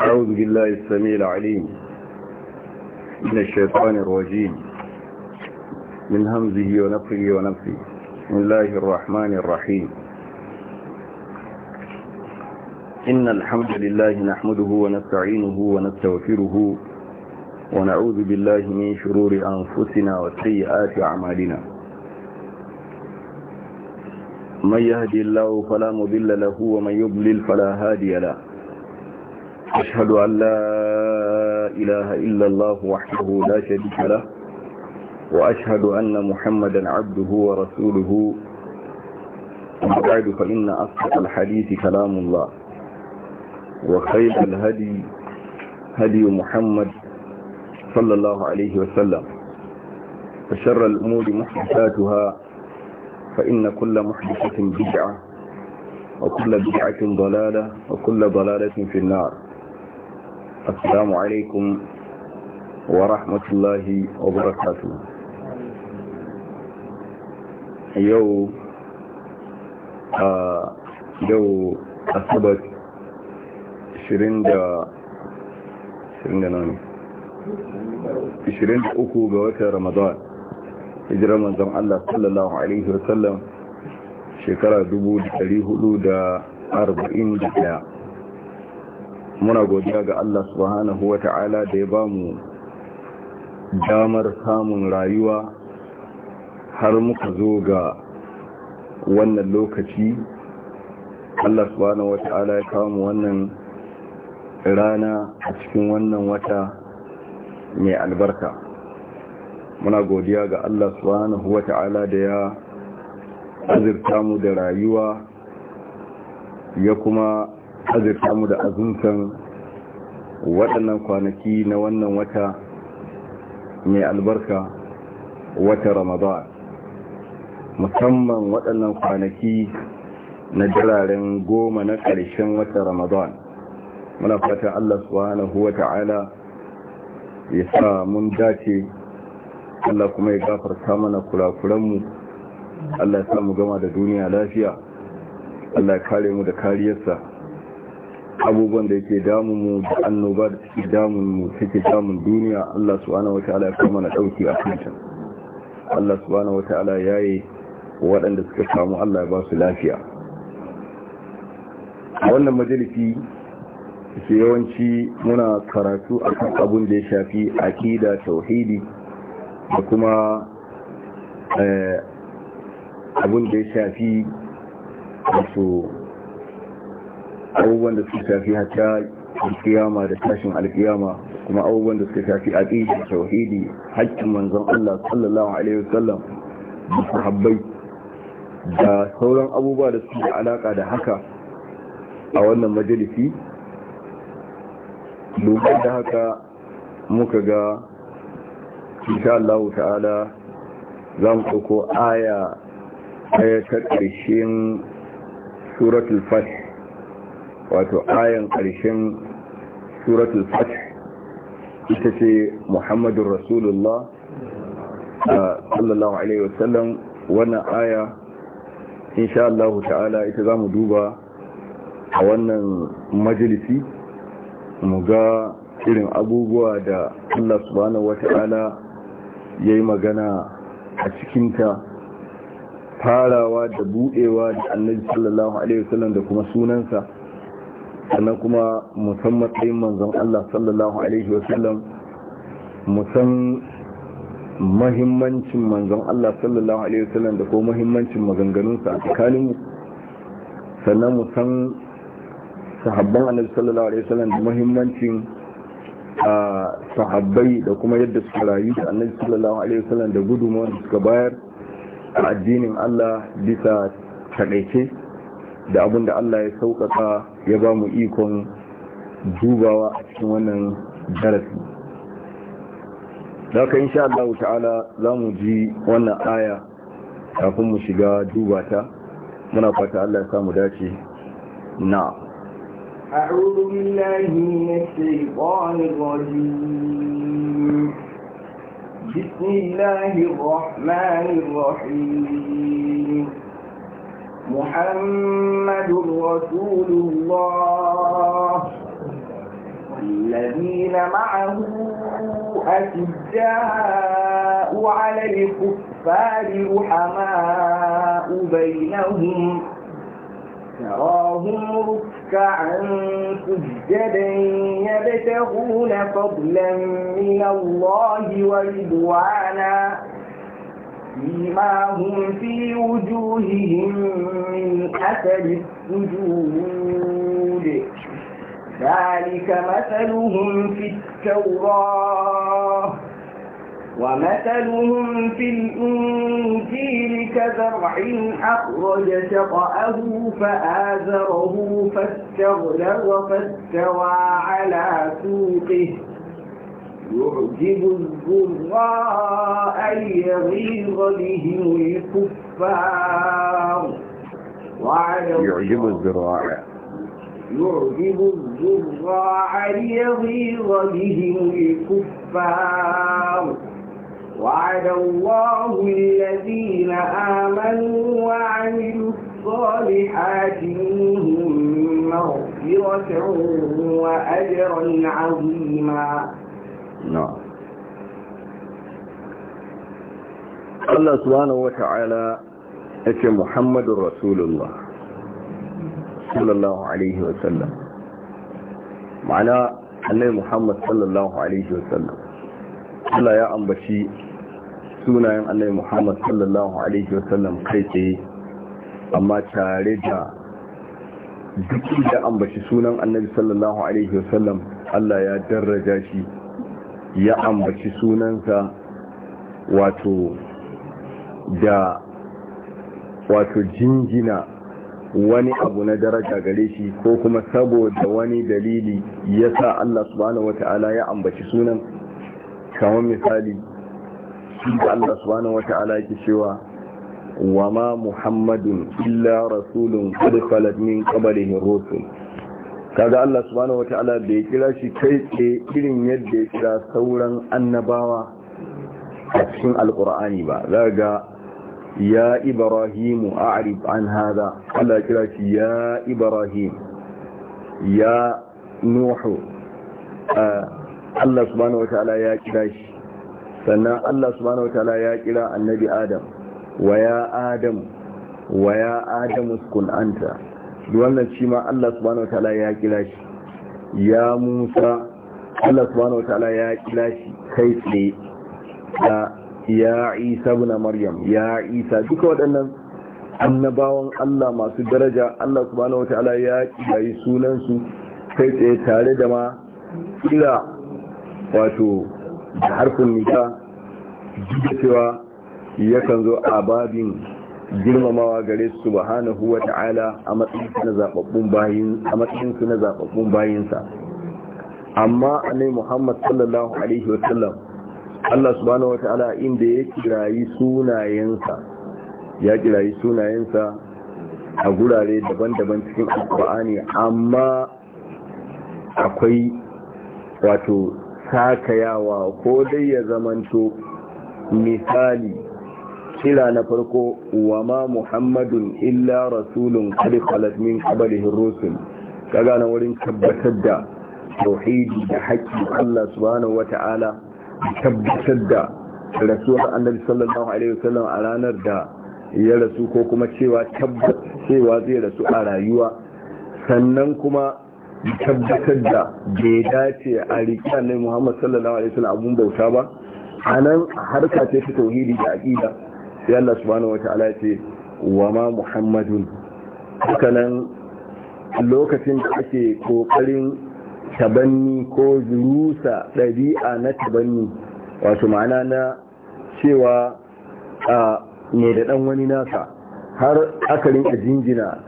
أعوذ بالله السميع العليم من الشيطان الرجيم من همزه ونفه ونفه بسم الله الرحمن الرحيم إن الحمد لله نحمده ونستعينه ونستغفره ونعوذ بالله من شرور أنفسنا وسيئات أعمالنا من يهدي الله فلا مضل له ومن يضلل فلا هادي له أشهد أن لا إله إلا الله وحده لا شريك له وأشهد أن محمدا عبده ورسوله وبعد فإن أصدق الحديث كلام الله وخير الهدي هدي محمد صلى الله عليه وسلم فشر الأمور محدثاتها فإن كل محدثة بدعة وكل بدعة ضلالة وكل ضلالة في النار السلام عليكم ورحمة الله وبركاته يو yau asabar 23 ga watan ramadan hijirar manzon Allah sallallahu alaihi wasallam shekara 1441 muna godiya ga Allah subhanahu wa ta'ala da ya bamu damar samun rayuwa har muka zo ga wannan lokaci Allah subhanahu wa ta'ala ya kawo wannan rana a cikin wannan wata mai albarka muna godiya ga Allah subhanahu wa ta'ala da ya azirta mu da rayuwa ya kuma azurta mu da azumtan waɗannan kwanaki na wannan wata mai albarka wata ramadan musamman waɗannan kwanaki na jiraren goma na ƙarshen wata ramadan muna fata Allah subhanahu wa ta'ala ya sa mun dace Allah kuma ya gafarta mana kurakuranmu Allah ya sa mu gama da duniya lafiya Allah ya kare mu da kariyarsa abubuwan da yake damun mu da annoba da suke damun mu take damun duniya Allah subhanahu wataala ya kuma na dauki a kanta Allah subhanahu wataala yayi waɗanda suka samu Allah ya ba su lafiya wannan majalisi ke yawanci muna karatu kan abun da ya shafi akida tauhidi da kuma eh, abun da ya shafi wato abubuwan da suka shafi hatta alkiyama da tashin alkiyama kuma abubuwan da suka shafi aqida tauhidi haƙƙin manzon Allah sallallahu alaihi wasallam da sahabbai da sauran abubuwa da suke alaka da haka a wannan majalisi domin da haka muka ga insha Allah ta'ala za mu ɗauko aya ɗaya ta ƙarshen suratul fath wato ayan ƙarshen suratul fath ita ce muhammadun rasulullah sallallahu alaihi wasallam wannan aya insha Allah ta'ala ita zamu duba a wannan majalisi mu ga irin abubuwa da Allah subhanahu wata'ala ya yi magana a cikinta farawa da buɗewa da annabi sallallahu alaihi wasallam da kuma sunansa sannan kuma musamman matsayin manzon Allah sallallahu Alaihi wasallam musan mahimmancin manzon Allah sallallahu Alaihi wasallam da ko mahimmancin maganganunsa a tsakaninmu sannan musan sahabban annabi sallallahu Alaihi wasallam da mahimmancin sahabbai da kuma yadda suka rayu da annabi sallallahu Alaihi wasallam da gudunmuwa suka bayar a addinin Allah bisa taɗaice da abin da Allah ya sauƙaƙa ya ba mu ikon dubawa a cikin wannan darasi daga insha Allah ta'ala za mu ji wannan aya kafin mu shiga dubata muna fata Allah ya samu dace na أعوذ بالله من الشيطان الرجيم بسم الله الرحمن الرحيم محمد رسول الله والذين معه أشداء على الكفار رحماء بينهم تراهم ركعا سجدا يبتغون فضلا من الله ورضوانا فيما هم في وجوههم من أثر السجود ذلك مثلهم في التوراة ومثلهم في الإنجيل كزرع أخرج شطأه فآزره فاستغلظ فاستوى على سوقه يعجب الزراء يغيظ به الكفار وعلى يعجب الزراء يعجب الزراع ليغيظ بهم الكفار وعد الله الذين آمنوا وعملوا الصالحات منهم مغفرة وأجرا عظيما Allah subhanahu wata'ala yace Muhammadur Rasulullah sallallahu alaihi wasallam ma'ana annabi Muhammad sallallahu alaihi wasallam Allah ya ambaci sunayen annabi Muhammad sallallahu alaihi wasallam kai tsaye amma tare da duk da ambaci sunan annabi sallallahu alaihi wasallam Allah ya daraja shi ya ambaci sunansa wato da wato jinjina wani abu na daraja gare shi ko kuma saboda wani dalili ya sa Allah subhanahu wata'ala ya ambaci sunan kamar misali da Allah subhanahu wata'ala yake cewa wa ma muhammadun illa rasulun qad khalat min qablihi rusul kaga Allah subhanahu wata'ala da ya kira shi kai tsaye irin yadda ya kira sauran annabawa a cikin alkur'ani ba za ga ya ibrahimu a a'rif an hada Allah ya kira shi ya ibrahim ya nuhu Allah subhanahu wata'ala ya kira shi sannan Allah subhanahu wata'ala ya kira annabi adam wa ya adam wa ya adam uskun anta da wannan shi ma Allah subhanahu wataala ya shi ya Musa Allah subhanahu wataala ya kira shi kai tsaye ya Isa ibn Maryam ya Isa duka waɗannan annabawan Allah masu daraja Allah subhanahu wataala ya kira sunan su kai tsaye tare da ma kira wato da harfin nika duk da cewa yakan zo a babin girmamawa gare su subhanahu wa ta'ala a matsayinsu na zababbun na zababbun bayinsa amma annabi Muhammad sallallahu alaihi wa sallam Allah subhanahu wa ta'ala inda ya kirayi sunayensa ya kirayi sunayensa a gurare daban-daban cikin alkur'ani amma akwai wato sakayawa ko dai ya zamanto misali kira na farko wa ma muhammadun illa rasulun kadi khalat min qablihi rusul kaga nan wurin tabbatar da tauhidi da haƙƙin Allah subhanahu wata'ala tabbatar da rasuwar annabi sallallahu alaihi wasallam a ranar da ya rasu ko kuma cewa cewa zai rasu a rayuwa sannan kuma tabbatar da bai dace a riƙe annabi Muhammad sallallahu alaihi wasallam abun bauta ba anan harka ce ta tauhidi da aqida sai Allah subhanahu wata'ala ce wa ma muhammadun hakanan lokacin da ake kokarin tabanni ko zurusa ɗabi'a na tabanni wato ma'ana na cewa a ne da ɗan wani nasa har akarin a jinjina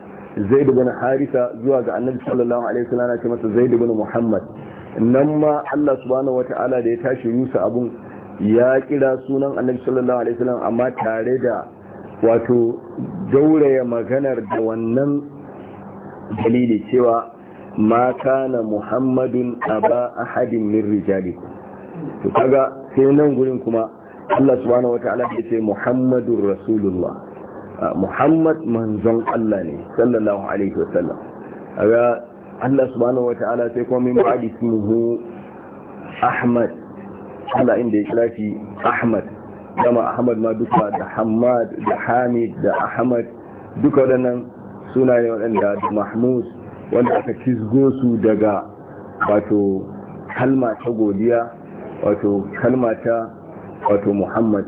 zai harisa zuwa ga annabi sallallahu alaihi wasallam ce masa zai bin muhammad nan ma Allah subhanahu wata'ala da ya tashi rusa abun ya kira sunan annabi sallallahu alaihi wasallam amma tare da wato dauraya maganar da wannan dalili cewa ma kana muhammadun aba ahadin min rijalikum to kaga sai nan gurin kuma Allah subhanahu wataala ya ce muhammadur rasulullah ah, muhammad manzon Allah ne sallallahu alaihi wasallam kaga Allah subhanahu wataala sai kuma min ba'di ahmad Allah inda ya kira shi Ahmad dama Ahmad ma duka da Hamad da Hamid da Ahmad duka waɗannan sunaye waɗanda da Mahmud wanda aka kisgo su daga wato kalma ta godiya wato kalma ta wato Muhammad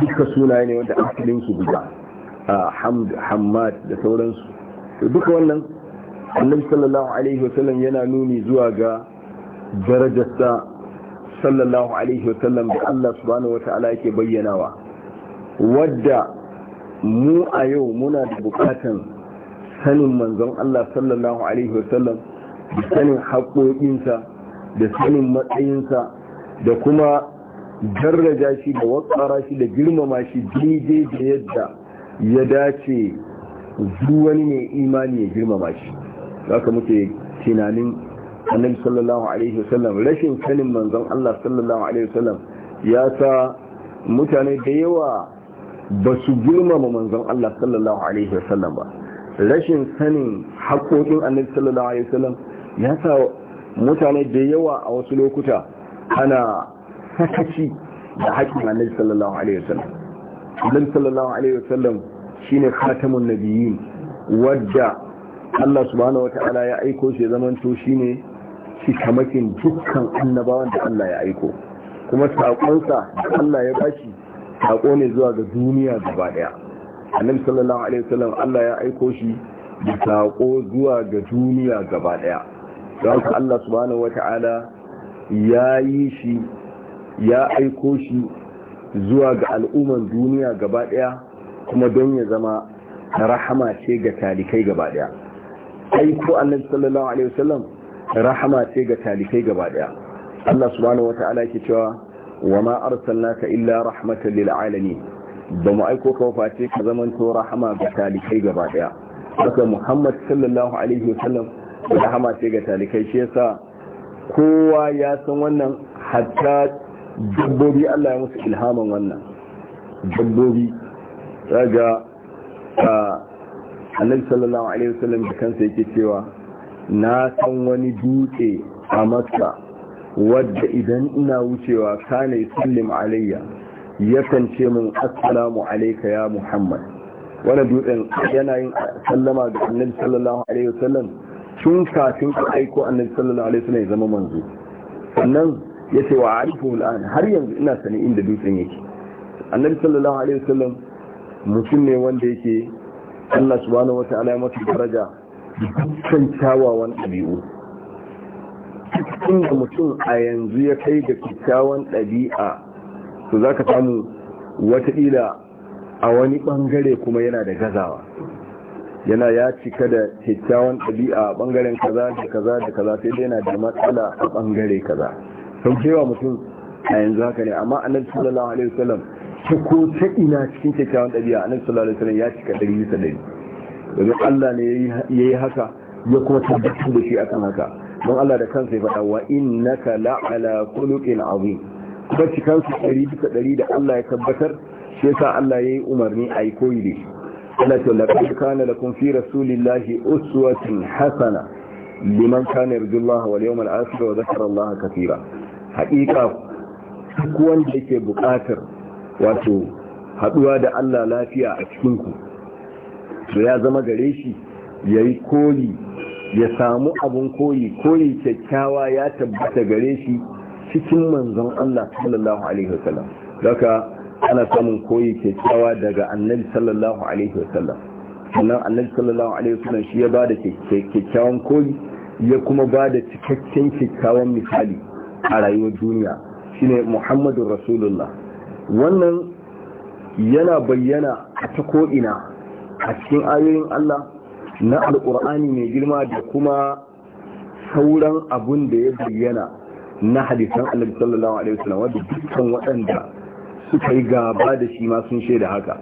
duka sunaye ne wanda asalin su guda Hamd Hamad da sauransu to duka wannan Annabi sallallahu alaihi wasallam yana nuni zuwa ga darajarsa sallallahu alaihi wasallam da Allah subhanahu wata'ala yake bayyanawa wadda mu a yau muna da bukatan sanin manzon Allah sallallahu alaihi wasallam da sanin haƙoƙinsa da sanin matsayinsa da kuma daraja shi da watsara shi da girmama shi daidai da yadda ya dace zuwa wani mai imani ya girmama shi haka muke tunanin annabi sallallahu alaihi wasallam rashin sanin manzon Allah sallallahu alaihi wasallam ya sa mutane da yawa ba su girmama manzon Allah sallallahu alaihi wasallam ba rashin sanin haƙoƙin annabi sallallahu alaihi wasallam ya sa mutane da yawa a wasu lokuta ana sakaci da haƙin annabi sallallahu alaihi wasallam annabi sallallahu alaihi wasallam shine khatamun nabiyyin wadda Allah subhanahu wata'ala ya aiko shi zaman to shine Shi cikamakin dukkan annabawan da Allah ya aiko kuma saƙonsa da Allah ya bashi saƙo ne zuwa ga duniya gaba ɗaya annabi sallallahu alaihi wasallam Allah ya aiko shi da saƙo zuwa ga duniya gaba ɗaya don ka Allah subhanahu wata'ala ya yi shi ya aiko shi zuwa ga al'umman duniya gaba ɗaya kuma don ya zama rahama ce ga talikai gaba ɗaya aiko annabi sallallahu alaihi wasallam rahama ce ga talikai gaba daya Allah subhanahu wata'ala yake cewa wa ma arsalnaka illa rahmatan lil alamin ba mu aiko ka face ka to rahama ga talikai gaba daya haka Muhammad sallallahu alaihi wasallam rahama ce ga talikai shi yasa kowa ya san wannan hatta dabbobi Allah ya musu ilhaman wannan dabbobi daga annabi sallallahu alaihi wasallam da kansa yake cewa na san wani dutse a makka wadda idan ina wucewa kane sallim alayya yakan ce min assalamu alayka ya muhammad wani dutsen yana yin sallama ga annabi sallallahu alaihi wasallam tun kafin ka aiko annabi sallallahu alaihi wasallam ya zama manzo sannan ya ce wa arifu al'an har yanzu ina sani inda dutsen yake annabi sallallahu alaihi wasallam mutum ne wanda yake Allah subhanahu wa ta'ala ya masa daraja dukkan kyawawan ɗabi'u cikin da mutum a yanzu ya kai da kyakkyawan ɗabi'a to za ka samu wataƙila a wani ɓangare kuma yana da gazawa yana ya cika da kyakkyawan ɗabi'a a ɓangaren kaza da kaza da kaza sai dai yana da matsala a ɓangare kaza sau cewa mutum a yanzu haka ne amma annabi sallallahu alaihi wasallam ta ko ta ina cikin kyakkyawan ɗabi'a annabi sallallahu alaihi wasallam ya cika ɗari bisa ɗari domin Allah ne yayi haka ya kuma tabbatar da shi akan haka don Allah da kansa ya faɗa wa innaka la'ala khuluqin azim kuma cikan ɗari bisa ɗari da Allah ya tabbatar shi yasa Allah ya umarni a yi koyi da shi Allah ta laqad kana kun fi rasulillahi uswatun hasana liman kana yarjullaha wal yawmal akhir wa dhakara Allah katira haƙiƙa duk wanda yake buƙatar wato haɗuwa da Allah lafiya a cikinku to ya zama gare shi ya yi koli ya samu abin koli koyi kyakkyawa ya tabbata gare shi cikin manzon Allah sallallahu alaihi wasallam daga ana samun koyi kyakkyawa daga annabi sallallahu alaihi wasallam sannan annabi sallallahu alaihi wasallam shi ya bada kyakkyawan koli ya kuma ba da cikakken kyakkyawan misali a rayuwar duniya shine Muhammadu Rasulullah wannan yana bayyana a ta ko'ina a cikin ayoyin Allah na Alƙur'ani mai girma da kuma sauran abun da ya bayyana na hadisan Allah sallallahu alaihi wasallam wanda dukkan waɗanda suka yi gaba da shi ma sun shaida haka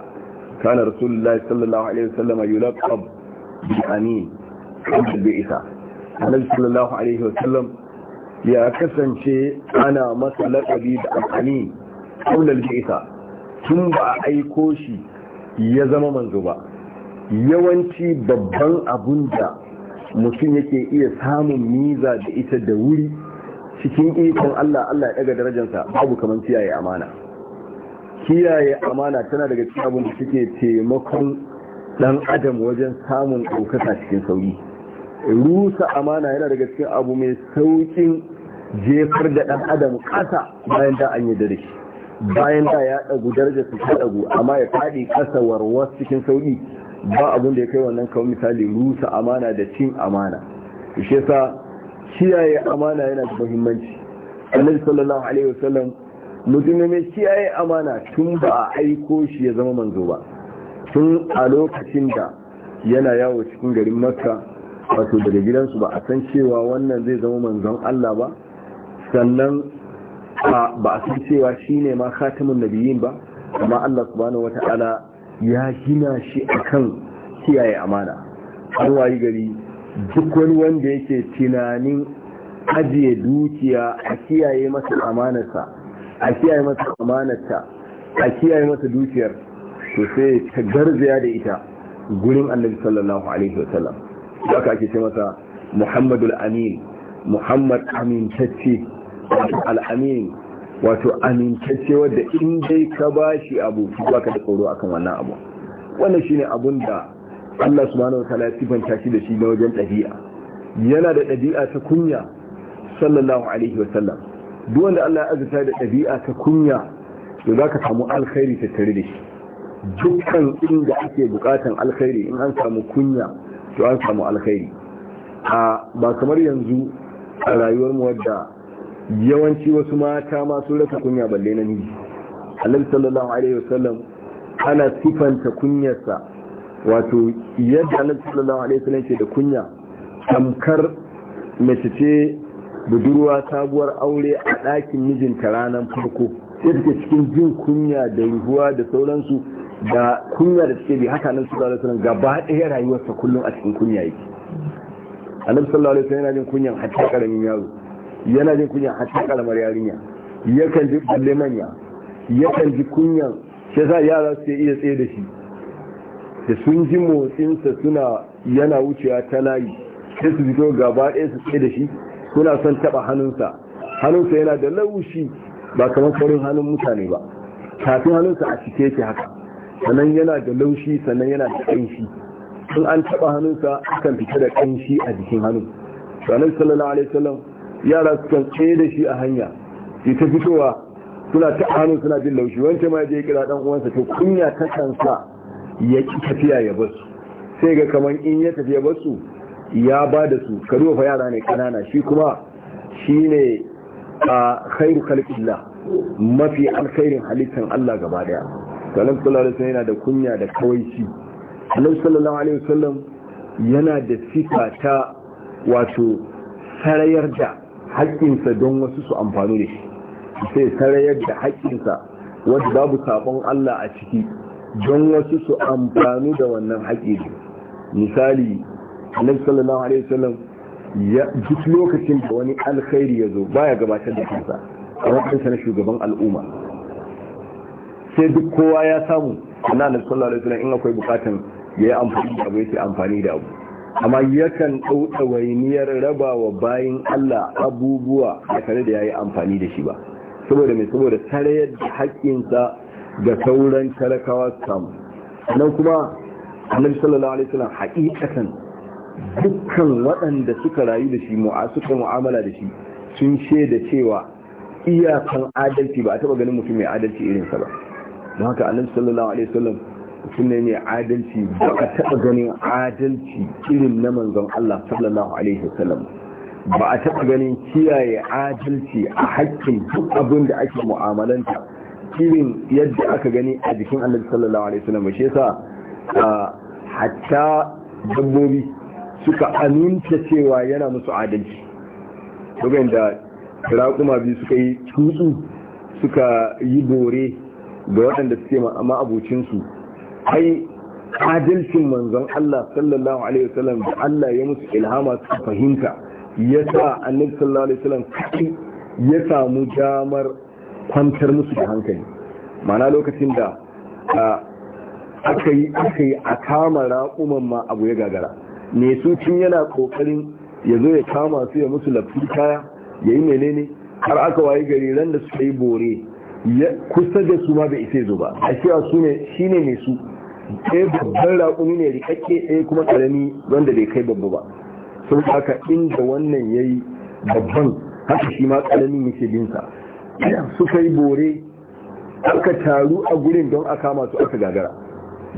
kana rasulullahi sallallahu alaihi wasallam yulaqab bi amin bi isa Allah sallallahu alaihi wasallam ya kasance ana masa laƙabi da al'ani bi isa tun ba aiko shi ya zama manzo ba yawanci babban abun da mutum yake iya samun miza da ita da wuri cikin ikon Allah Allah ya daga darajarsa babu kamar kiyaye amana kiyaye amana tana daga cikin abin da suke taimakon dan adam wajen samun ɗaukaka cikin sauri. rusa amana yana daga cikin abu mai saukin jefar da dan adam ƙasa bayan da an yi dare bayan da ya ɗagu darajar su ta ɗagu amma ya faɗi ƙasa warwas cikin sauri. ba abin da ya kai wannan kawai misali rusa amana da cin amana ishe sa kiyaye amana yana da muhimmanci annabi sallallahu alaihi wasallam mutum mai kiyaye amana tun ba a aiko shi ya zama manzo ba tun a lokacin da yana yawo cikin garin makka wato daga gidansu ba a san cewa wannan zai zama manzon Allah ba sannan ba a san cewa shine ma khatamun nabiyyin ba amma Allah subhanahu wata'ala ya gina shi a kan kiyaye amana an wayi gari duk wani wanda yake tunanin ajiye dukiya a kiyaye masa amanarsa a kiyaye masa amanarta a kiyaye masa dukiyar to sai ta garzaya da ita gurin annabi sallallahu alaihi wasallam haka ake ce masa muhammadul amin muhammad amintacce al-amin wato amintacce wadda in dai ka bashi abu ba ka da tsoro akan wannan abu wannan shine abun da Allah subhanahu wa ta'ala ya sifanta shi da shi na wajen ɗabi'a yana da ɗabi'a ta kunya sallallahu alaihi wa sallam duk wanda Allah ya azurta da ɗabi'a ta kunya to za ka samu alkhairi tattare da shi dukkan inda ake bukatan alkhairi in an samu kunya to an samu alkhairi a ba kamar yanzu a rayuwar mu wadda yawanci wasu mata masu rasa kunya balle na miji annabi sallallahu alaihi wasallam ana sifanta kunyarsa wato yadda annabi sallallahu alaihi wasallam ke da kunya tamkar mace ce budurwa sabuwar aure a ɗakin mijinta ranar farko yadda cikin jin kunya da ruhuwa da sauransu da kunya da suke bi haka nan sallallahu alaihi wasallam gaba ɗaya rayuwarsa kullum a cikin kunya yake annabi sallallahu alaihi wasallam yana jin kunyan hatta karamin yaro yana jin kunya hatta kalmar yarinya yakan ji balle manya yakan ji kunyan shi yasa yara su iya tsaye da shi da sun ji motsinsa suna yana wucewa ta layi sai su fito gaba ɗaya su tsaye da shi suna son taɓa hannunsa hannunsa yana da laushi ba kamar farin hannun mutane ba kafin hannunsa a cike yake haka sannan yana da laushi sannan yana da ƙanshi in an taɓa hannunsa akan fita da ƙanshi a jikin hannun sannan sallallahu alaihi wasallam yara suka tsaye da shi a hanya shi ta fitowa suna ta hannun suna jin laushi wancan ma je kira dan uwansa to kunya ta kansa ya ki tafiya ya basu sai ga kaman in ya tafiya basu ya ba da su karuwa fa yara ne kanana shi kuma shi ne a khairu khalqillah mafi alkhairin halittar Allah gaba daya to sallallahu alaihi wasallam yana da kunya da kawaici Allah sallallahu alaihi wasallam yana da sifa ta wato sarayar da haƙƙinsa don wasu su amfani da shi sai sarayar da haƙƙinsa wanda babu sabon Allah a ciki don wasu su amfani da wannan haƙƙi misali annabi sallallahu alaihi wasallam ya duk lokacin da wani alkhairi ya zo baya gabatar da kansa a matsayin na shugaban al'umma sai duk kowa ya samu annabi sallallahu alaihi wasallam in akwai bukatun ya yi amfani da abu ya amfani da abu amma yakan ɗauɗa wainiyar raba wa bayan Allah abubuwa da kare da ya yi amfani da shi ba saboda mai saboda tare da haƙƙinsa ga sauran talakawa samu nan kuma annabi sallallahu alaihi wasallam haƙiƙatan dukkan waɗanda suka rayu da shi suka mu'amala da shi sun shaida cewa iyakan adalci ba a taɓa ganin mutum mai adalci irinsa ba don haka annabi sallallahu alaihi wasallam sunne ne adalci ba a taɓa ganin adalci irin na manzon Allah sallallahu alaihi wasallam ba a taɓa ganin kiyaye adalci a haƙƙin duk abin da ake mu'amalanta irin yadda aka gani a jikin Allah sallallahu alaihi wasallam shi yasa hatta dabbobi suka aminta cewa yana musu adalci dogon da raƙuma biyu suka yi tutsu suka yi bore ga waɗanda suke ma'abucinsu ai adalcin manzon Allah sallallahu alaihi wasallam da Allah ya musu ilhama su fahimta ya sa annabi sallallahu alaihi wasallam kai ya samu damar kwantar musu da hankali mana lokacin da aka yi a kama raƙuman ma abu ya gagara ne su tun yana ƙoƙarin ya zo ya kama su ya musu lafi kaya ya yi menene har aka waye gari ran da suka yi bore kusa da su ma bai isa zo ba a cewa su ne shine ne su ɗaya babban raƙumi ne rikakke ɗaya kuma ƙarami wanda bai kai babba ba sun haka inda wannan ya yi babban haka shi ma ƙaramin yake binsa suka yi bore aka taru a gurin don aka masu aka gagara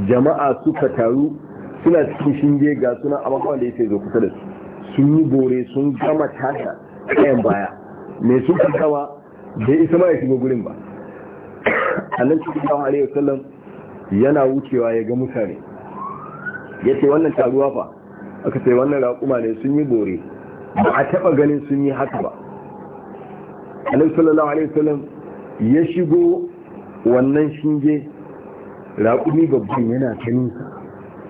jama'a suka taru suna cikin shinge ga suna a makon da ya zo kusa da su sun yi bore sun gama tasha ɗayan baya mai sun kasawa bai isa ma ya shiga gurin ba nan cikin alaihi wasallam yana wucewa ya ga mutane ya ce wannan taruwa fa aka sai wannan raƙuma ne sun yi bore ba a taɓa ganin sun yi haka ba alaihi sallallahu alaihi wasallam ya shigo wannan shinge raƙumi babban yana kanin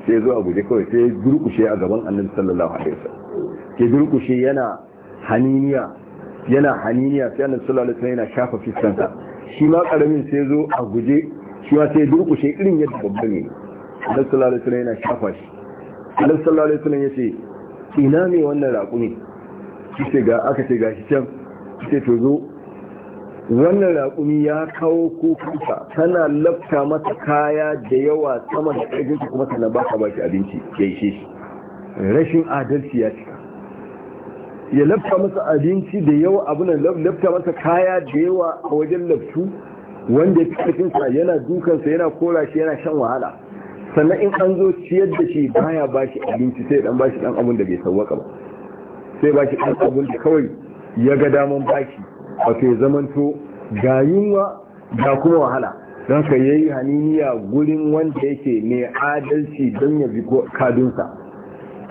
sai zo a guje kawai sai durkushe a gaban annabi sallallahu alaihi wasallam ke durkushe yana haniniya yana haniniya sai annabi sallallahu alaihi wasallam yana shafa fiskansa shi ma karamin sai zo a guje shi ma sai durkushe irin yadda babban ne Allah sallallahu alaihi wasallam yana shafa shi Allah sallallahu alaihi wasallam yace ina ne wannan raƙumi kike ga aka ce gashi can kike to zo wannan raƙumi ya kawo kuka tana lafta mata kaya da yawa sama da ƙarfin kuma tana baka baki abinci ya ishe shi rashin adalci ya cika ya lafta masa abinci da yawa abin lafta masa kaya da yawa a wajen laftu wanda ya fi ƙarfinsa yana dukansa yana kora shi yana shan wahala sannan in an zo ciyar da shi baya ba shi abinci sai dan ba shi dan abun da bai sauwaka ba sai ba shi dan abun da kawai ya ga daman ba shi ya zamanto ga yunwa ga kuma wahala don ka yayi haniniya gurin wanda yake mai adalci don ya bi kadunsa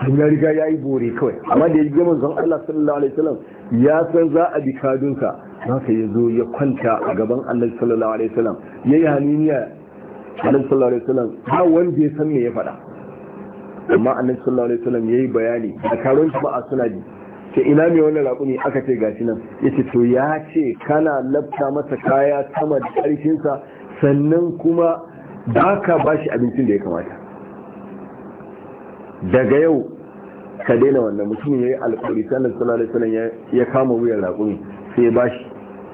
don ya riga ya yi bore kawai amma da ya gama zan Allah sallallahu alaihi wasallam ya san za a bi kadunsa haka ya zo ya kwanta a gaban Allah sallallahu alaihi wasallam yayi haniniya Allah sallallahu alaihi wasallam ba wanda ya san me ya faɗa amma annabi sallallahu alaihi wasallam yayi bayani a karon a suna ji ce ina ne wannan raƙumi aka ce gashi nan yace to ya ce kana labta masa kaya sama da ƙarfin sa sannan kuma baka bashi abincin da ya kamata daga yau ka daina wannan mutum yayi alƙawari sallallahu alaihi wasallam ya kama wuyan raƙumi sai ya bashi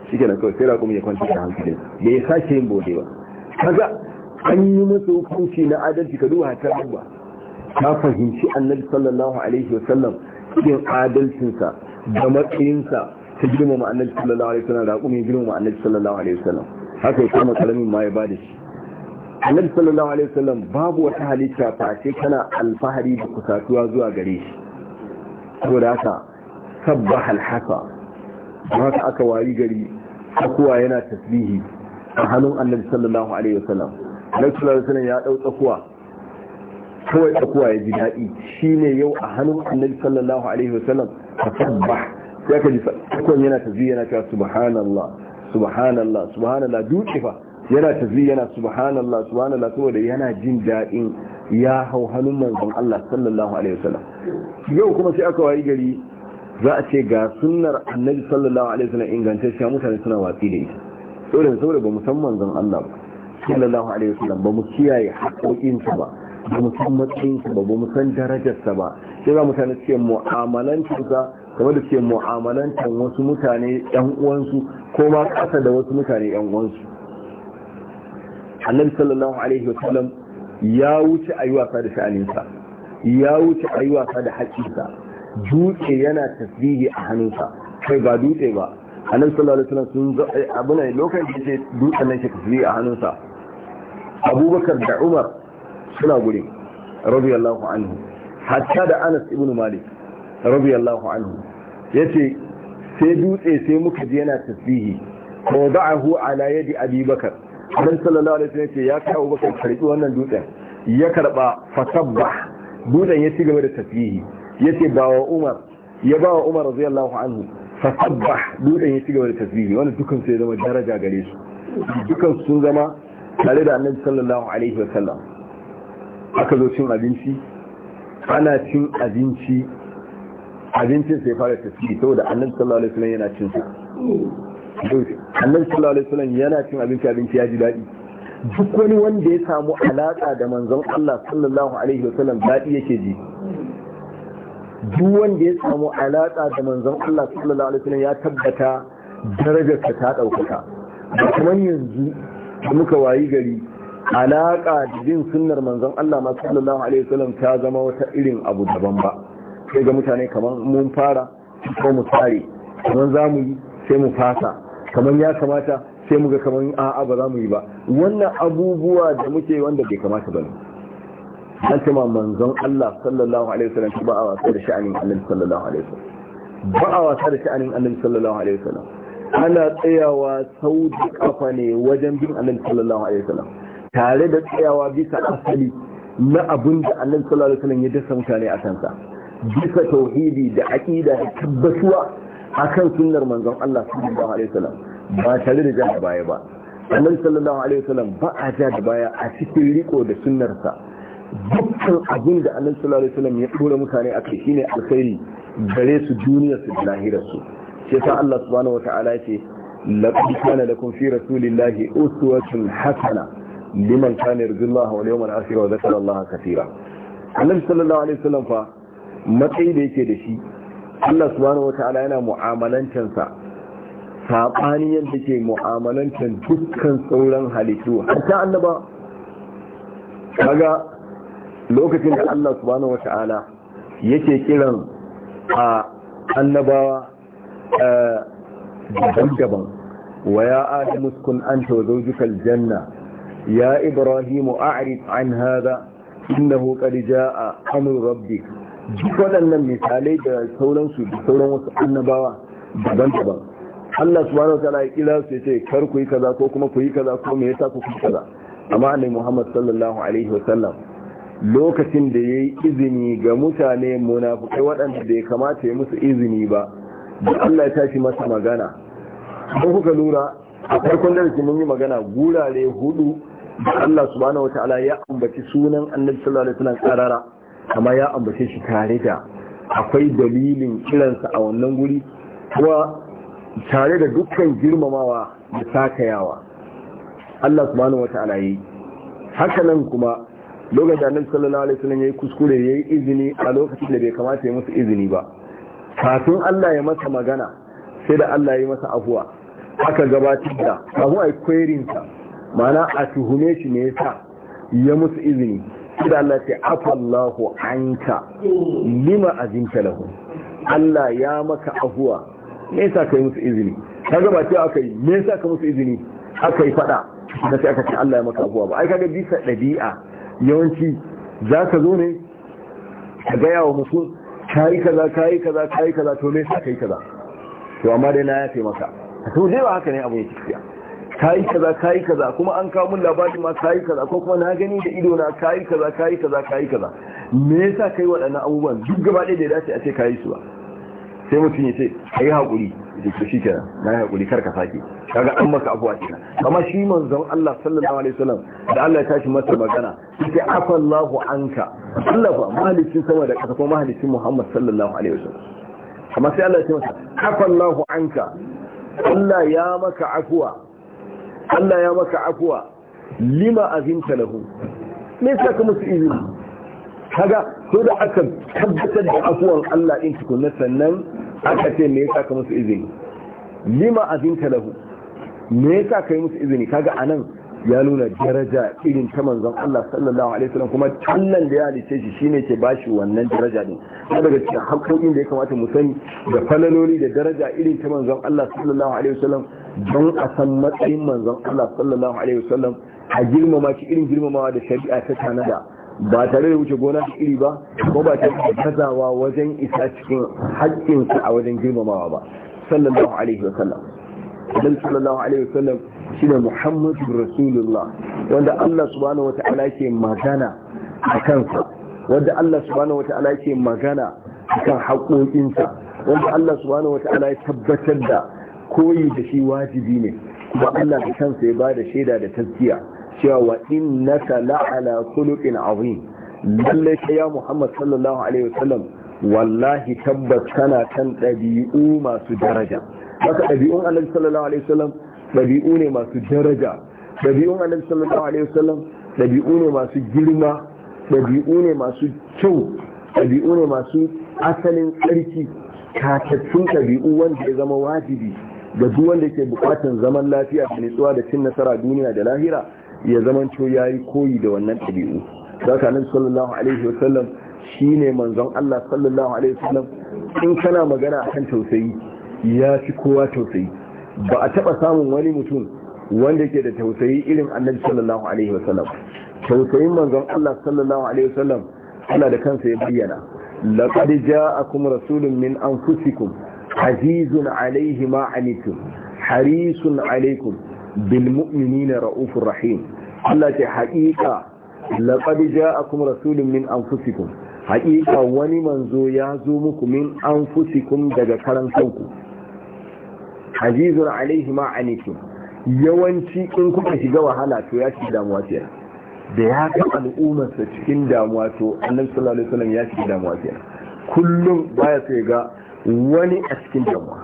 shi na kawai sai raƙumi ya kwanci da hankali da ya sake yin bode ba kaga an yi musu hukunci na adalci ka duba ta ba. ta fahimci annabi sallallahu alaihi wasallam cikin adalcinsa da matsayinsa ta girmama annabi sallallahu alaihi wasallam raƙumi ya girmama annabi sallallahu alaihi wasallam haka ya kama kalamin ma ya ba da shi annabi sallallahu alaihi wasallam babu wata halitta ce kana alfahari da kusatuwa zuwa gare shi saboda haka sabba alhasa haka aka wari gari tsakuwa yana tasbihi a hannun annabi sallallahu alaihi wasallam annabi sallallahu alaihi ya dau tsakuwa kawai tsakuwa ya ji daɗi shine yau a hannun annabi sallallahu alaihi wasallam tasabbah sai ka ji tsakuwan yana tasbihi yana cewa subhanallah subhanallah subhanallah dutse fa yana tasbihi yana subhanallah subhanallah saboda yana jin daɗin ya hau hannun manzon Allah sallallahu alaihi wasallam yau kuma sai aka wayi gari za a ce ga sunnar annabi sallallahu alaihi wasallam ingantacciya mutane suna watsi da ita saboda saboda ba musamman zan Allah ba sallallahu alaihi wasallam ba mu kiyaye haƙoƙinsa ba ba mu san matsayinsa ba ba mu san darajarsa ba sai za mutane mu'amalan mu'amalantarsa kamar da mu'amalan mu'amalantar wasu mutane yan uwansu ko ma kasa da wasu mutane yan uwansu annabi sallallahu alaihi wasallam ya wuce ayyuka wasa da sha'aninsa ya wuce ayyuka wasa da haƙƙinsa dutse yana tasbihi a hannunsa kai ba dutse ba annabi sallallahu alaihi wasallam sun zo eh, abu ne lokacin da yake dutsen nan ke tasbihi a hannunsa abubakar da umar suna gure radiyallahu anhu hatta da anas ibn malik radiyallahu anhu yace sai dutse sai muka ji yana tasbihi ko da'ahu ala yadi abubakar annabi sallallahu alaihi wasallam yace ya kai abubakar karbi wannan dutsen ya karba fasabba dutsen ya ci gaba da tasbihi yake ba wa Umar ya ba wa Umar radiyallahu anhu fa sabbah dutsen ya cigaba da tasbihi wannan dukan su ya zama daraja gare su dukan sun zama tare da Annabi sallallahu alaihi wa sallam aka zo cin abinci ana cin abinci abincin sai fara tasbihi saboda Annabi sallallahu alaihi wa sallam yana cin su Annabi sallallahu alaihi wa sallam yana cin abinci abinci ya ji dadi duk wani wanda ya samu alaƙa da manzon Allah sallallahu alaihi wa sallam daɗi yake ji duk wanda ya samu alaƙa da manzon Allah sallallahu alaihi wasallam ya tabbata darajarsa ta ɗaukaka da kuma yanzu da muka wayi gari alaƙa da jin sunnar manzon Allah ma sallallahu alaihi ta zama wata irin abu daban ba sai ga mutane kamar mun fara ko mu tsare kamar za mu yi sai mu fasa kamar ya kamata sai mu ga kamar a'a ba za mu yi ba wannan abubuwa da muke wanda bai kamata ba ne an ce manzon Allah sallallahu alaihi wasallam ba a wasa da sha'anin annabi sallallahu alaihi wasallam ba a wasa da sha'anin annabi sallallahu alaihi wasallam ana tsayawa sau da kafa ne wajen bin annabi sallallahu alaihi wasallam tare da tsayawa bisa asali na abin da annabi sallallahu alaihi wasallam ya dasa mutane a kansa bisa tauhidi da aqida da tabbatuwa akan sunnar manzon Allah sallallahu alaihi wasallam ba tare da ja baya ba annabi sallallahu alaihi wasallam ba a ja da baya a cikin riko da sunnarsa dukkan abin da annan sallallahu alaihi wasallam ya dora mutane a kai shine alkhairi gare su duniya su da lahirar su sai sa Allah subhanahu wataala ce laqad kana lakum fi rasulillahi uswatun hasana liman kana yarjullaha wal yawmal akhir wa dhakara Allah katira annan sallallahu alaihi wasallam fa matsayi da yake da shi Allah subhanahu wataala yana mu'amalantar sa sabani yadda ke mu'amalancan dukkan sauran halittu har ta annaba kaga lokacin da Allah subhanahu wata'ala yake kiran a annabawa daban-daban wa ya adamu kun anta wa zawjukal janna ya ibrahimu a'rid an hadha innahu qad a amru rabbi duk waɗannan misalai da sauransu da sauran wasu annabawa daban-daban Allah subhanahu wataala ya kira su ce kar ku yi kaza ko kuma ku yi kaza ko me yasa ku yi kaza amma annabi Muhammad sallallahu alaihi wasallam lokacin da ya yi izini ga mutane munafukai waɗanda da ya kamata ya musu izini ba da Allah ya tashi masa magana don kuka lura a farkon darasi mun yi magana gurare hudu da Allah subhanahu wataala ya ambaci sunan annabi sallallahu alaihi wasallam karara amma ya ambace shi tare da akwai dalilin kiransa a wannan guri kuma tare da dukkan girmamawa da sakayawa Allah subhanahu wataala yi haka nan kuma lokacin da annabi sallallahu alaihi wasallam yayi kuskure yayi izini a lokacin da bai kamata ya musu izini ba kafin Allah ya masa magana sai da Allah ya masa afuwa aka gabatar da abu ai querying sa mana a tuhume shi ne yasa ya musu izini sai da Allah ya Allahu anka lima azinta lahu Allah ya maka afuwa me yasa kai musu izini kaga ba ce aka yi me yasa ka musu izini aka yi fada da sai aka ce Allah ya maka afuwa ba ai kaga bisa dabi'a yawanci za ka zo ne a gaya wa musu kayi kaza kayi kaza kayi kaza to me sa kai kaza to amma dai na ce maka to dai ba haka ne abu yake tafiya kayi kaza kayi kaza kuma an kawo mun labarin ma kayi kaza ko kuma na gani da ido na kayi kaza kayi kaza kayi kaza me yasa kai waɗannan abubuwan duk gaba ɗaya da ya dace a ce kayi su ba sai mutum ya ce ka yi haƙuri da ke shi kenan na yi haƙuri kar ka sake kaga an maka abuwa kenan amma shi manzon Allah sallallahu alaihi wasallam da Allah ya tashi masa magana yake afa Allahu anka Allah ba mahalicin sama da ƙasa kuma mahalicin Muhammad sallallahu alaihi wasallam amma sai Allah ya ce masa afa Allahu anka Allah ya maka afuwa Allah ya maka afuwa lima azinta lahu me yasa ka musu izini kaga so da aka tabbatar da afuwan Allah in na sannan aka ce me yasa ka musu izini lima azinta lahu me yasa kai musu izini kaga anan ya nuna daraja irin ta manzon Allah sallallahu alaihi wasallam kuma tallan da ya dace shi shine ke bashi wannan daraja din daga cikin hakkokin da ya kamata mu sani da falaloli da daraja irin ta manzon Allah sallallahu alaihi wasallam don a san matsayin manzon Allah sallallahu alaihi wasallam a girmama shi irin girmamawa da shari'a ta tanada ba tare da wuce gona da iri ba ko ba tare kazawa wajen isa cikin haƙƙinsa a wajen girmamawa ba sallallahu alaihi wasallam dan sallallahu alaihi wasallam shine muhammadu rasulullah wanda Allah subhanahu wata'ala ke magana a kansa wanda Allah subhanahu wata'ala ke magana akan haƙoƙinsa wanda Allah subhanahu wata'ala ya tabbatar da koyi da shi wajibi ne kuma Allah da kansa ya bada shaida da tazkiya cewa wa innaka la'ala khuluqin azim Lallai kai ya Muhammad sallallahu alaihi wasallam wallahi tabbas kana kan ɗabi'u masu daraja haka ɗabi'un Annabi sallallahu alaihi wasallam ɗabi'u ne masu daraja Ɗabi'un Annabi sallallahu alaihi wasallam ɗabi'u ne masu girma Ɗabi'u ne masu kyau Ɗabi'u ne masu asalin tsarki katattun ɗabi'u wanda ya zama wajibi ga duk wanda ke bukatan zaman lafiya da nutsuwa da cin nasara duniya da lahira ya zamanto ya yi koyi da wannan ɗabi'u zaka nan sallallahu alaihi wasallam ne manzon Allah sallallahu alaihi wasallam in kana magana akan tausayi ya fi kowa tausayi ba a taɓa samun wani mutum wanda yake da tausayi irin annabi sallallahu alaihi wasallam tausayin manzon Allah sallallahu alaihi wasallam Allah da kansa ya bayyana laqad ja'akum rasulun min anfusikum azizun alaihi ma anitum harisun alaikum bil mu'minina raufur rahim Allah ce haƙiƙa a kuma rasulun min an anfusikum haƙiƙa wani manzo ya zo muku min an anfusikum daga karan sauku azizun alaihi ma yawanci in kuka shiga wahala to ya shiga damuwa ce da ya ga al'ummarsa cikin damuwa to annabi sallallahu alaihi ya shiga damuwa ce kullum baya sai ga wani a cikin damuwa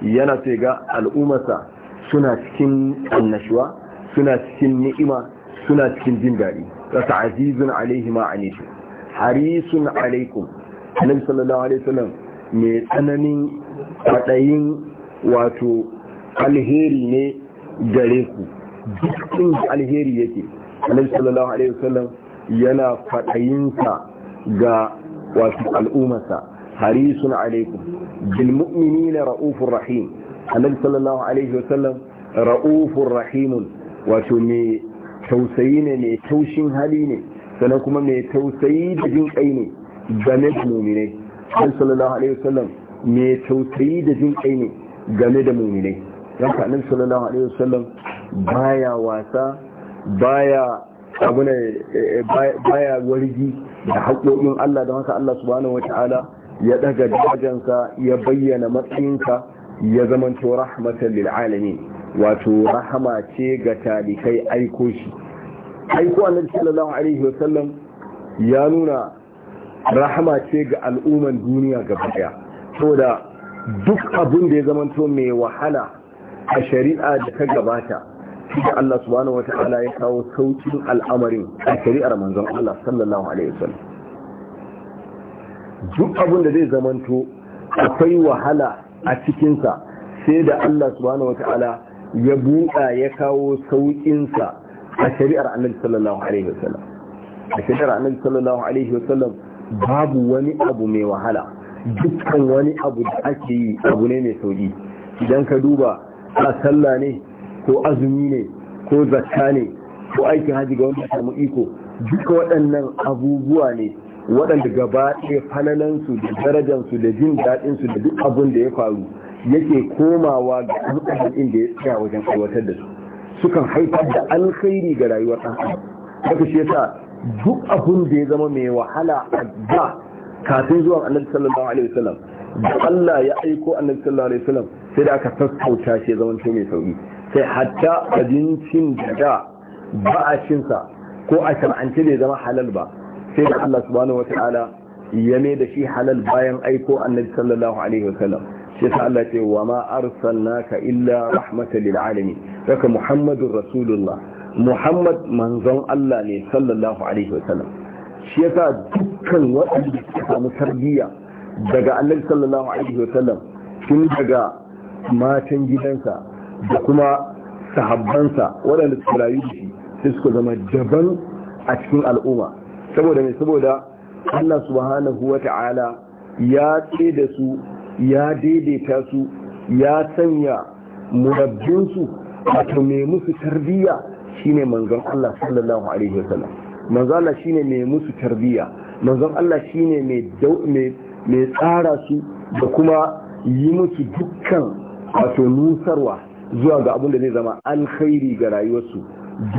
yana sai ga al'ummarsa suna cikin annashuwa suna cikin ni'ima suna cikin jin daɗi rasa azizun alaihi ma anitu harisun alaikum annabi sallallahu alaihi wasallam mai tsananin kwaɗayin wato alheri ne gare ku dukkan alheri yake annabi sallallahu alaihi wasallam yana kwaɗayinsa ga wato al'ummarsa harisun alaikum bil mu'minina ra'ufur rahim annabi sallallahu alaihi wasallam ra'ufur rahimun wato mai tausayi ne mai taushin hali ne sannan kuma mai tausayi da jin kai ne game da muminai an sallallahu alaihi wasallam mai tausayi da jin kai ne game da muminai don ka annabi sallallahu alaihi wasallam baya wasa baya abu ne eh, eh, baya wargi da haƙoƙin Allah don haka Allah subhanahu wata'ala ya daga darajansa ya bayyana matsayinka ya zamanto rahmatan lil alamin wato rahama ce ga talikai aiko shi aiko annabi sallallahu alaihi wasallam ya nuna rahama ce ga al'umman duniya gaba daya saboda duk abin da ya to mai wahala a shari'a da ta gabata da Allah subhanahu wata'ala ya kawo saukin al'amarin a shari'ar manzon Allah sallallahu alaihi wasallam duk abin da zai zamanto akwai wahala a cikinsa sai da Allah subhanahu wata'ala ya buɗa ya kawo sauƙinsa a shari'ar annabi sallallahu alaihi wasallam a shari'ar annabi sallallahu alaihi wasallam babu wani abu mai wahala dukkan wani abu da ake yi abu ne mai sauki idan ka duba a sallah ne ko azumi ne ko zakka ne ko aikin haji ga wanda samu iko duka waɗannan abubuwa ne waɗanda gaba ɗaya fananansu da darajansu da jin daɗinsu da duk abin da ya faru yake komawa ga alƙasar inda ya tsaya wajen aiwatar da su sukan haifar da alkhairi ga rayuwar ɗan adam haka shi yasa duk abun da ya zama mai wahala a kafin zuwa annabi sallallahu alaihi wasallam da Allah ya aiko annabi sallallahu alaihi wasallam sai da aka sassauta shi zaman ce mai sauki sai hatta abincin da ba a cin sa ko a da ya zama halal ba sai da Allah subhanahu wataala ya mai da shi halal bayan aiko annabi sallallahu alaihi wasallam shi yasa Allah ce wa ma ka illa rahmatan lil alamin saka muhammadur rasulullah muhammad manzon Allah ne sallallahu alaihi wasallam shi yasa dukkan waɗanda suka samu tarbiyya daga annabi sallallahu alaihi wasallam tun daga matan gidansa da kuma sahabbansa waɗanda suka rayu da shi sai suka zama daban a cikin al'umma saboda mai saboda Allah subhanahu wa ta'ala ya ce da su ya daidaita su ya sanya murabbinsu wato me musu tarbiyya shine manzon Allah sallallahu alaihi wasallam manzon Allah shine mai musu tarbiyya manzon Allah shine mai mai tsara su da kuma yi musu dukkan wato nusarwa zuwa ga abin da zai zama alkhairi ga rayuwarsu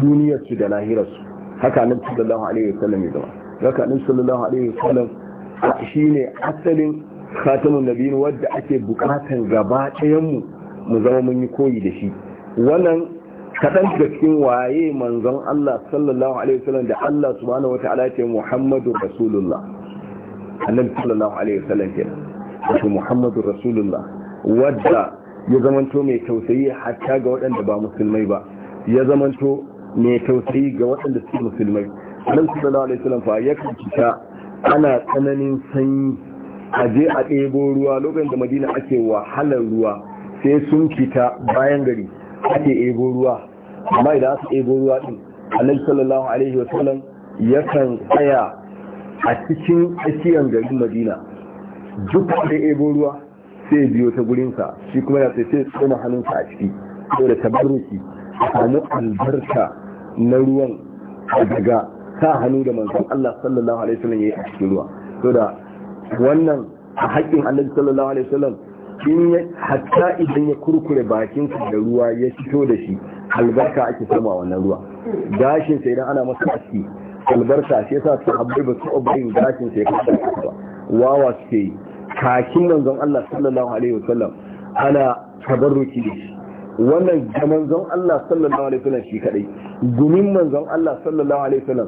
duniyarsu da lahirarsu haka nan sallallahu alaihi wasallam ya zama haka nan sallallahu alaihi wasallam shine asalin khatamun nabiyin wadda ake bukatan gaba ɗayanmu mu zama mun yi koyi da shi wannan kaɗan da cikin waye manzon Allah sallallahu alaihi wasallam da Allah subhanahu wata'ala ce Muhammadu Rasulullah annabi sallallahu alaihi wasallam kenan wato Muhammadu Rasulullah wadda ya zamanto mai tausayi hatta ga waɗanda ba musulmai ba ya zamanto mai tausayi ga waɗanda suke musulmai annabi sallallahu alaihi wasallam fa ya kanta ana tsananin sanyi Aje a ɗebo ruwa lokacin da madina ake wahalar ruwa sai sun fita bayan gari ake ɗebo ruwa amma idan aka ɗebo ruwa ɗin annabi sallallahu alaihi wa sallam yakan tsaya a cikin tsakiyar garin madina duk da ɗebo ruwa sai biyo ta gurinsa shi kuma ya sai sai tsoma hannunsa a ciki saboda tabarruki a samu albarka na ruwan daga sa hannu da manzon Allah sallallahu alaihi wasallam yayi a cikin ruwa saboda wannan a haƙƙin annabi sallallahu alaihi wasallam in hatta idan ya kurkure bakin da ruwa ya fito da shi albarka ake sama wannan ruwa gashin sai idan ana masa aski albarka sai yasa sahabbai ba su obayin gashin sai ka ba wawa suke yi. kakin manzon Allah sallallahu alaihi wasallam ana tabarruki da shi wannan ga manzon Allah sallallahu alaihi wasallam shi kadai gumin manzon Allah sallallahu alaihi wasallam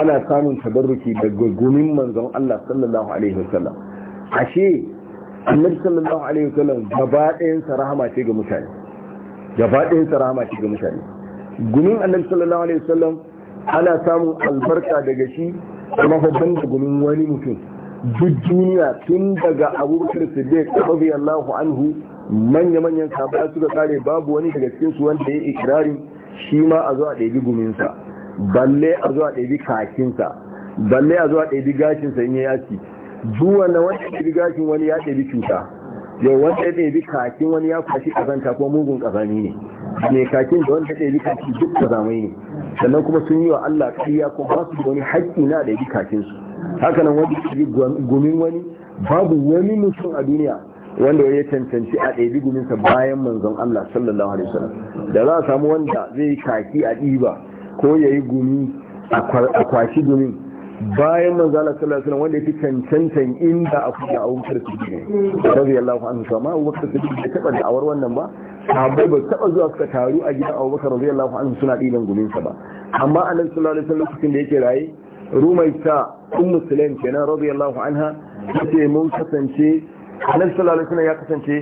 ana samun tabarruki daga gumin manzon Allah sallallahu alaihi wasallam ashe annabi sallallahu alaihi wasallam gaba ɗayan sa rahama ce ga mutane gaba ɗayan rahama ce ga mutane gumin annabi sallallahu alaihi wasallam ana samun albarka daga shi kuma babban da gumin wani mutum duk duniya tun daga abubakar siddiq radiyallahu anhu manya manyan sahabbai suka kare babu wani daga cikin su wanda ya ikrarin shi ma a zo a ɗebi gumin sa balle a zuwa ɗabi kakinsa balle a zuwa ɗabi gashinsa in ya yaki, zuwa na wanda ɗabi gashin wani ya ɗabi cuta yau wanda ɗabi kakin wani ya kwashi ƙazanta ko mugun ƙazami ne ne kakin da wanda ɗabi kakin duk ƙazamai ne sannan kuma sun yi wa Allah ƙarya ko ba su wani haƙƙi na ɗabi kakinsu haka nan wanda ɗabi gumin wani babu wani mutum a duniya wanda ya cancanci a ɗabi guminsa bayan manzon Allah sallallahu alaihi wasallam da za a samu wanda zai kaki a ɗiba ko ya yi gumi a kwashi gumi bayan manzo Allah sallallahu alaihi wasallam wanda yake cancantan inda akwai da ne. Bakar Siddiq radiyallahu anhu kama Abu Bakar da bai taba da'awar wannan ba sahabbai ba taba zuwa suka taru a gidan Abu Bakar radiyallahu anhu suna dilan gumin sa ba amma Annabi sallallahu alaihi wasallam lokacin da yake raye Rumaita Ummu Sulaim kenan radiyallahu anha tace mun kasance Annabi sallallahu alaihi wasallam ya kasance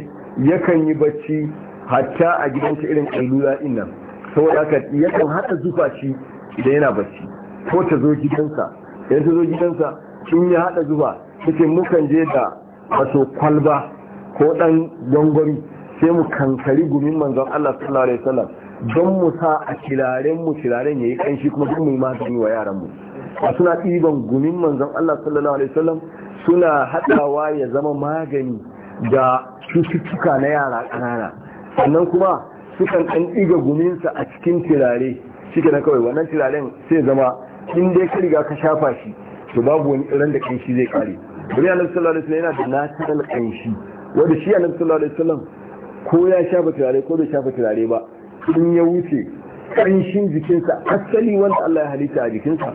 yakan yi bacci hatta a gidanta irin kailula din nan saboda haka yakan haɗa zufa shi idan yana barci. ko ta zo gidansa idan ta zo gidansa in ya haɗa zufa cikin mukan je da wato kwalba ko ɗan gwangwari sai mu kankari gumin manzon Allah sallallahu alaihi wasallam don mu sa a kiraren mu kiraren yayi kanshi kuma duk mu magani wa yaran mu A suna ɗiban gumin manzon Allah sallallahu alaihi wasallam suna haɗawa ya zama magani da cututtuka na yara ƙanana sannan kuma sukan ɗan ɗiga guminsa a cikin tirare shi na kawai wannan tiraren sai zama in dai ka riga ka shafa shi to babu wani irin da kanshi zai kare bari annabi sallallahu alaihi wasallam yana da natural kanshi wanda shi annabi sallallahu alaihi wasallam ko ya shafa turare ko bai shafa tirare ba in ya wuce kanshin jikinsa asali wanda Allah ya halitta a jikinsa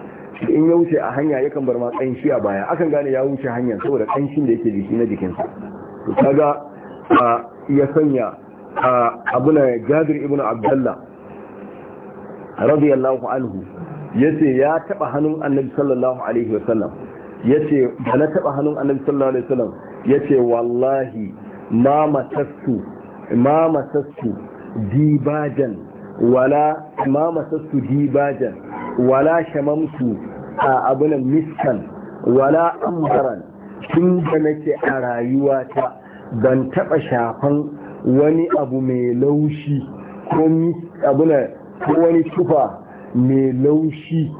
in ya wuce a hanya yakan bar ma kanshi a baya akan gane ya wuce hanyar saboda kanshin da yake jiki na jikinsa to kaga ya sanya abuna jabir ibn abdullah radiyallahu anhu yace ya taba hannun annabi sallallahu alaihi wasallam yace da na taba hannun annabi sallallahu alaihi wasallam yace wallahi ma matassu ma matassu dibajan wala ma matassu dibajan wala shamamtu a abunan miskan wala ambaran tun da nake a rayuwata ban taba shafan wani abu mai laushi ko wani tufa mai laushi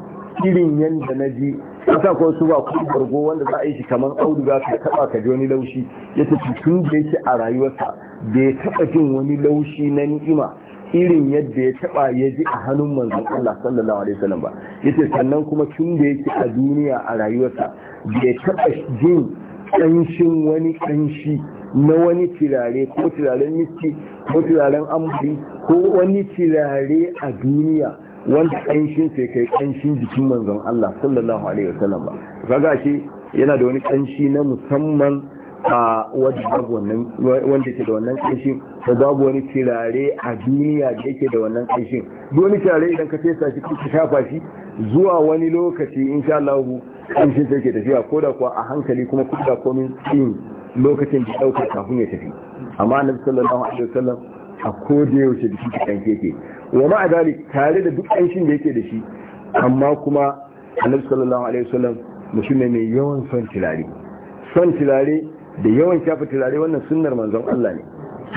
irin yadda na ji kasa ko su ba kuma bargo wanda za a yi shi kamar auduga ka taba ka ji wani laushi ya tafi tun da yake a rayuwarsa da ya taba jin wani laushi na ni'ima irin yadda ya taba ya ji a hannun manzon Allah sallallahu alaihi wasallam ba yace sannan kuma tun da yake a duniya a rayuwarsa da ya taba jin kanshin wani kanshi na wani tirare ko tiraren miski ko tiraren amuri ko wani tirare a duniya wanda ƙanshin sai kai ƙanshin jikin manzon Allah sallallahu alaihi wasallam ba kaga shi yana da wani ƙanshi na musamman a wanda babu wannan wanda yake da wannan ƙanshin ko babu wani tirare a duniya da yake da wannan ƙanshin duk wani tirare idan ka fesa shi ka shafa shi zuwa wani lokaci insha Allah ƙanshin sai ke tafiya ko da kuwa a hankali kuma ko da komin lokacin da ɗauka kafin ya tafi amma annabi sallallahu alaihi wasallam a kodin yaushe da shi kan keke wa ma a tare da duk ƙanshin da yake da shi amma kuma annabi sallallahu alaihi wasallam mutum ne mai yawan son tilare son tilare da yawan shafa tilare wannan sunnar manzon Allah ne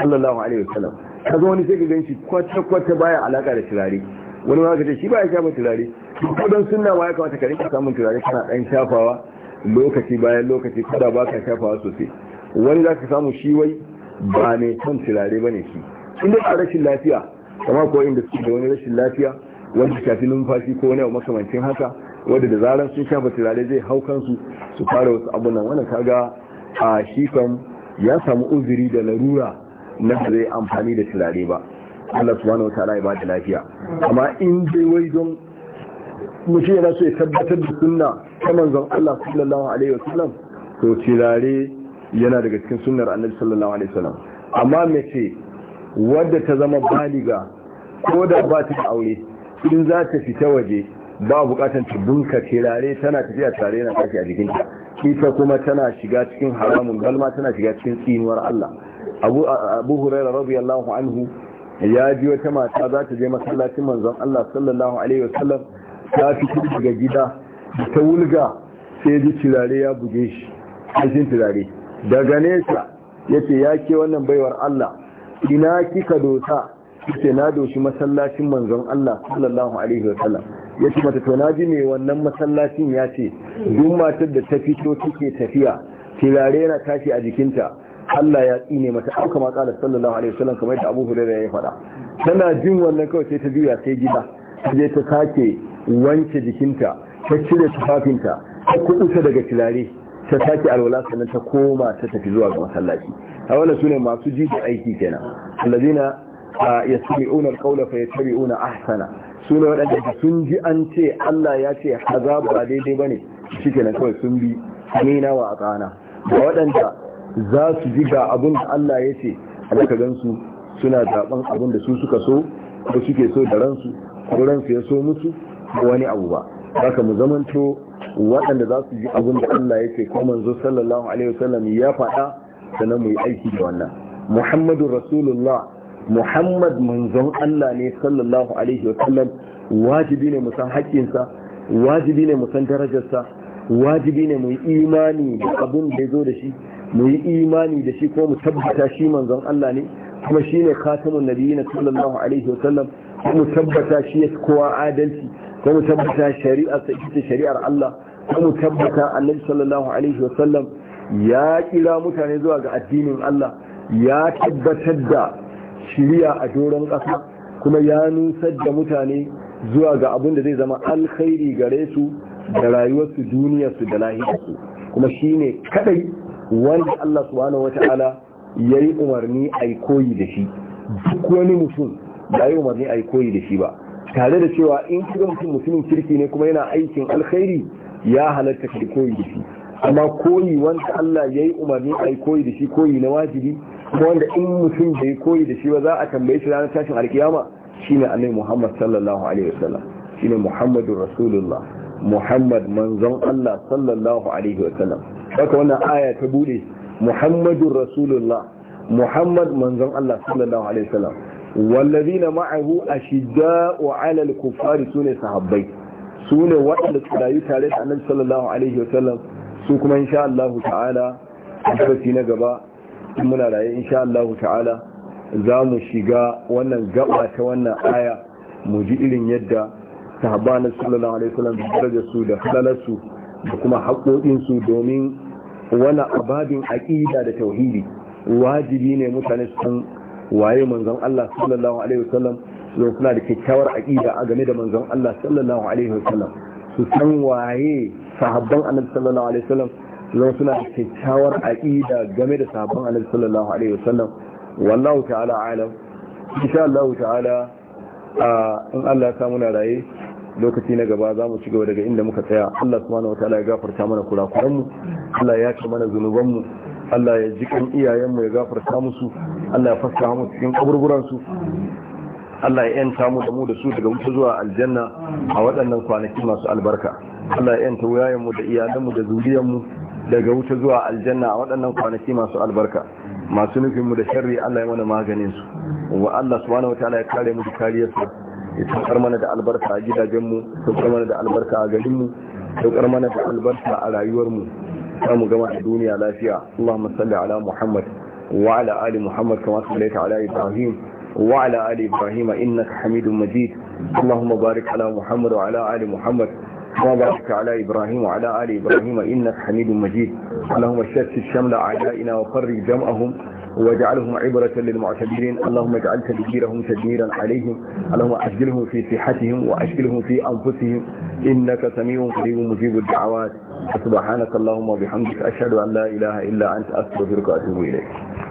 sallallahu alaihi wasallam kaga wani sai ka ganshi kwata kwata baya alaka da tilare wani ma ce shi baya shafa tilare ko dan sunna ma ya kamata ka rinka samun tilare kana dan shafawa lokaci bayan lokaci kada baka shafawa sosai wani za ka samu shi wai ba mai son turare ba ne shi inda a rashin lafiya kama ko inda suke da wani rashin lafiya wanda shafi numfashi ko wani makamancin haka wadda da zarar sun shafa turare zai hau kansu su fara wasu abunan wannan kaga a shi ya samu uzuri da larura na zai amfani da turare ba Allah subhanahu wa ta'ala ya ba da lafiya amma in dai wai don mutum yana so ya tabbatar da sunna ta manzon Allah sallallahu alaihi sallam, to turare yana daga cikin sunnar annabi sallallahu alaihi wasallam amma mace wadda ta zama baliga ko da ba ta aure in za ta fita waje ba bukatan ta bunka tirare tana tafiya tare na kashi a jikinta ita kuma tana shiga cikin haramun galma tana shiga cikin tsinuwar Allah abu abu hurairah radiyallahu anhu ya ji wata mata za ta je masallacin manzon Allah sallallahu alaihi wasallam ta fito daga gida ta wulga sai ji tirare ya buge shi cikin tirare daga nesa ya ce ya ke wannan baiwar Allah ina kika dosa ce na doshi masallacin manzon Allah sallallahu alaihi wasallam ce mata to ji ne wannan masallacin yace duk matar da ta fito take tafiya tilare na tashi a jikinta Allah ya tsine mata auka ma da sallallahu alaihi wasallam kamar yadda Abu Hurairah ya faɗa tana jin wannan kawai sai ta juya sai gida ta je ta sake wanke jikinta ta cire tufafinta ta kuɗuta daga tirare ta sake alwala sannan ta koma ta tafi zuwa ga masallaci a su ne masu ji da aiki kenan allazina ya alqawla una ahsana waɗanda wadanda sun ji an ce Allah ya ce haza ba daidai ba ne? bane shikenan kawai sun bi amina wa ƙana? da waɗanda za su ji ga abin da Allah ya ce Allah gansu suna zaben abin da su suka so ko suke so da ransu ko ya so musu ko wani abu ba haka mu zamanto waɗanda za su ji abin da Allah ya ce ko manzo sallallahu alaihi wasallam ya faɗa sannan mu yi aiki da wannan Muhammadu Rasulullah Muhammad manzon Allah ne sallallahu alaihi wasallam wajibi ne mu san haƙƙinsa wajibi ne mu san darajarsa wajibi ne mu yi imani da abin da ya zo da shi mu yi imani da shi ko mu tabbata shi manzon Allah ne kuma shi shine khatamun nabiyina sallallahu alaihi wasallam mu tabbata shi ya kowa adalci ko mu tabbata shari'ar ta ita shari'ar Allah ko mu tabbata annabi sallallahu alaihi wasallam ya kira mutane zuwa ga addinin Allah ya tabbatar da shari'a a doron ƙasa kuma ya nusar da mutane zuwa ga abin da zai zama alkhairi gare su da rayuwarsu su da su kuma shine kadai wanda Allah subhanahu wata'ala yayi umarni a koyi da shi duk wani mutum da yi umarni a koyi da shi ba tare da cewa in kiga mutum mutumin kirki ne kuma yana aikin alkhairi ya halatta ka koyi da shi amma koyi wanda Allah ya yi umarni a koyi da shi koyi na wajibi kuma wanda in mutum bai koyi da shi ba za a tambaye shi ranar tashin alkiyama shine annabi Muhammad sallallahu alaihi wasallam shine Muhammadur Rasulullah Muhammad manzon Allah sallallahu alaihi wasallam haka wannan aya ta bude Muhammadur Rasulullah Muhammad manzon Allah sallallahu alaihi wasallam wallazina ma'ahu ashidda'u 'ala al-kuffari sune sahabbai sune waɗanda su rayu tare da Annabi sallallahu alaihi wa sallam su kuma insha Allah ta'ala a na gaba in muna raye insha Allah ta'ala za mu shiga wannan gaba ta wannan aya mu ji irin yadda sahabba na sallallahu alaihi wasallam daraja su da halalarsu da kuma haƙoƙinsu domin wani ababin aƙida da tauhidi wajibi ne mutane su san waye manzon Allah sallallahu alaihi wasallam su suna da kyakkyawar aqida a game da manzon Allah sallallahu alaihi wasallam su san waye sahabban annabi sallallahu alaihi wasallam zan suna da kyakkyawar aqida game da sahabban annabi sallallahu alaihi wasallam wallahu ta'ala alam insha Allah ta'ala in Allah ya samu na raye lokaci na gaba za mu ci gaba daga inda muka tsaya Allah subhanahu wataala ya gafarta mana kurakuran mu Allah ya ci mana zunubanmu, Allah ya ji kan iyayen ya gafarta musu Allah ya fasa mu cikin kaburburan su Allah ya yanta mu da mu da su daga wuta zuwa aljanna a waɗannan kwanaki masu albarka Allah ya yanta wayayen mu da iyalan mu da zuriyan mu daga wuta zuwa aljanna a waɗannan kwanaki masu albarka masu nufin mu da sharri Allah ya mana maganin su wa Allah subhanahu wataala ya kare mu da kariyar su ya tsakar mana da albarka a gidajen mu tsakar mana da albarka a garin mu tsakar mana da albarka a rayuwar mu mu gama a duniya lafiya Allahumma salli ala Muhammad وعلى آل محمد كما صليت على إبراهيم وعلى آل إبراهيم إنك حميد مجيد اللهم بارك على محمد وعلى آل محمد كما باركت على إبراهيم وعلى آل إبراهيم إنك حميد مجيد اللهم شتت شمل أعدائنا وفرج جمعهم واجعلهم عبرة للمعتبرين اللهم اجعل تدبيرهم تدميرا عليهم اللهم أجلهم في صحتهم وأجلهم في أنفسهم إنك سميع قريب مجيب الدعوات سبحانك اللهم وبحمدك أشهد أن لا إله إلا أنت أستغفرك وأتوب إليك